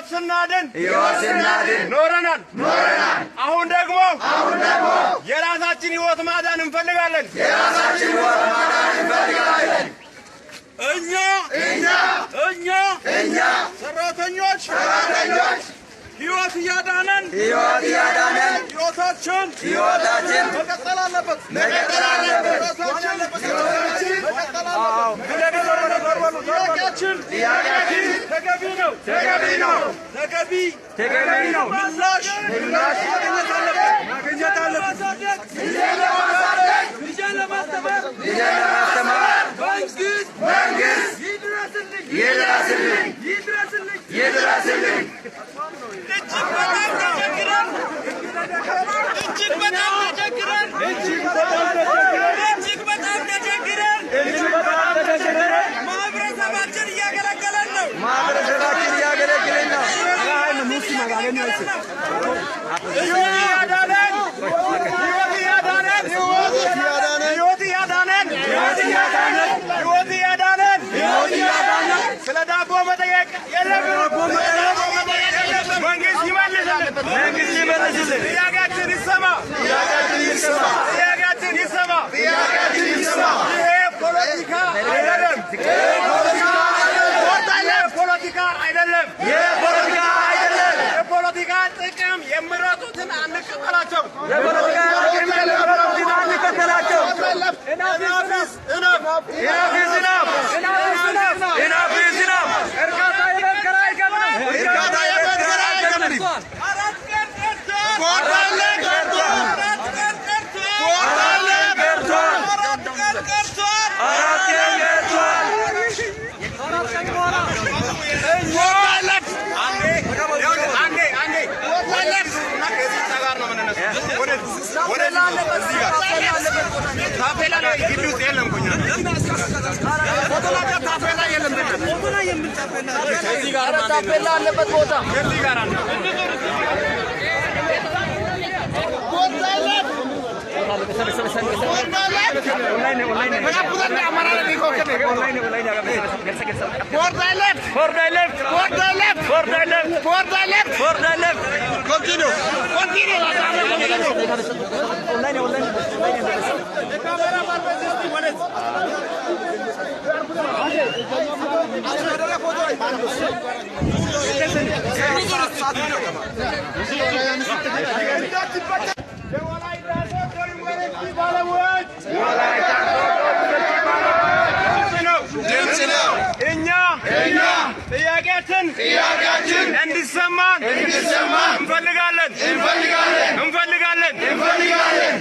ሕይወት ስናድን ሕይወት ስናድን ኖረናል ኖረናል። አሁን ደግሞ አሁን ደግሞ የራሳችን ሕይወት ማዳን እንፈልጋለን የራሳችን ሕይወት ማዳን እንፈልጋለን። እኛ እኛ እኛ እኛ ሰራተኞች ሰራተኞች ሕይወት እያዳነን ሕይወት እያዳነን ሕይወታችን ሕይወታችን መቀጠል አለበት መቀጠል አለበት ሕይወታችን መቀጠል አለበት Liyakatin. Liyakatin. Tegabino. Tegabino. Tegabi. Tegabino. Millaş. Millaş. Hakkını talep. Hakkını talep. Bizlerle mazarlık. Bizlerle mazarlık. Bizlerle mazarlık. Bangüz. Bangüz. Yedir asırlık. Yedir asırlık. Yedir asırlık. Yedir asırlık. Necip በጎ ፖለቲካ አይደለም፣ የፖለቲካ ጥቅም የምረጡትን አንቀበላቸው፣ የፖለቲካ ጥቅም አንቀበላቸው። ታፔላ አለበት ቦታ Continue. Continue. Continue. ጥያቄያችን ጥያቄያችን እንዲሰማን እንዲሰማን እንፈልጋለን እንፈልጋለን እንፈልጋለን እንፈልጋለን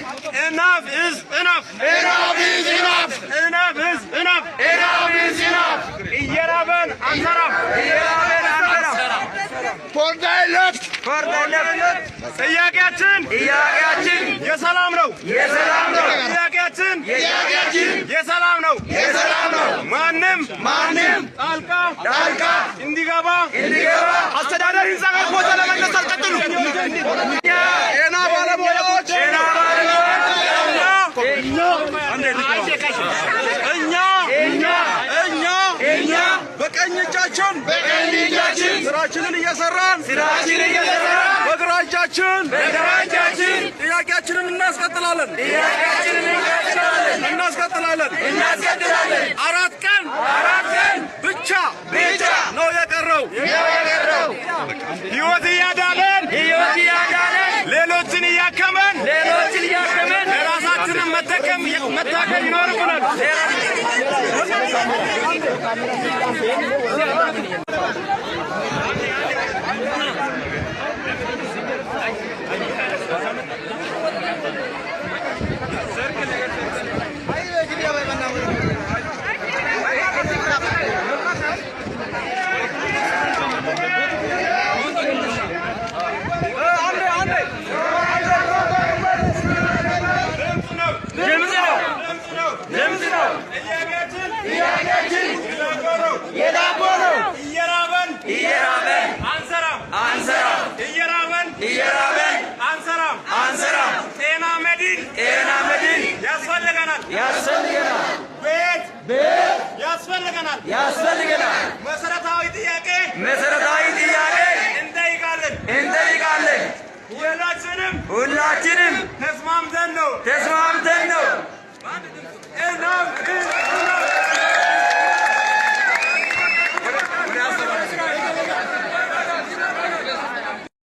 enough is enough enough is enough enough is enough enough is enough Beraber Ankara'm. Beraber Ankara'm. ፖርዳይለት ፖርዳይለት ጥያቄያችን ጥያቄያችን የሰላም ነው የሰላም ነው ጥያቄያችን ጥያቄያችን የሰላም ነው የሰላም ነው ማንም ማንም ጣልቃ ጣልቃ እንዲገባ እንዲገባ አስተዳደር ህንፃ ቦታ ለመለስ አልቀጥሉ ጤና ባለሙያዎች ጤና ባለሙያዎች እጃችን በቀኝ ስራችንን እየሰራን ስራችንን እየሰራን በግራ እጃችን በግራ እጃችን ጥያቄያችንን እናስቀጥላለን ጥያቄያችንን እናስቀጥላለን እናስቀጥላለን እናስቀጥላለን አራት ቀን አራት ቀን متكم متكم يناركنا Thank you. ያስፈልገናል። መሰረታዊ ጥያቄ መሰረታዊ ጥያቄ እንጠይቃለን እንጠይቃለን። ሁላችንም ሁላችንም ተስማምተን ነው ተስማምተን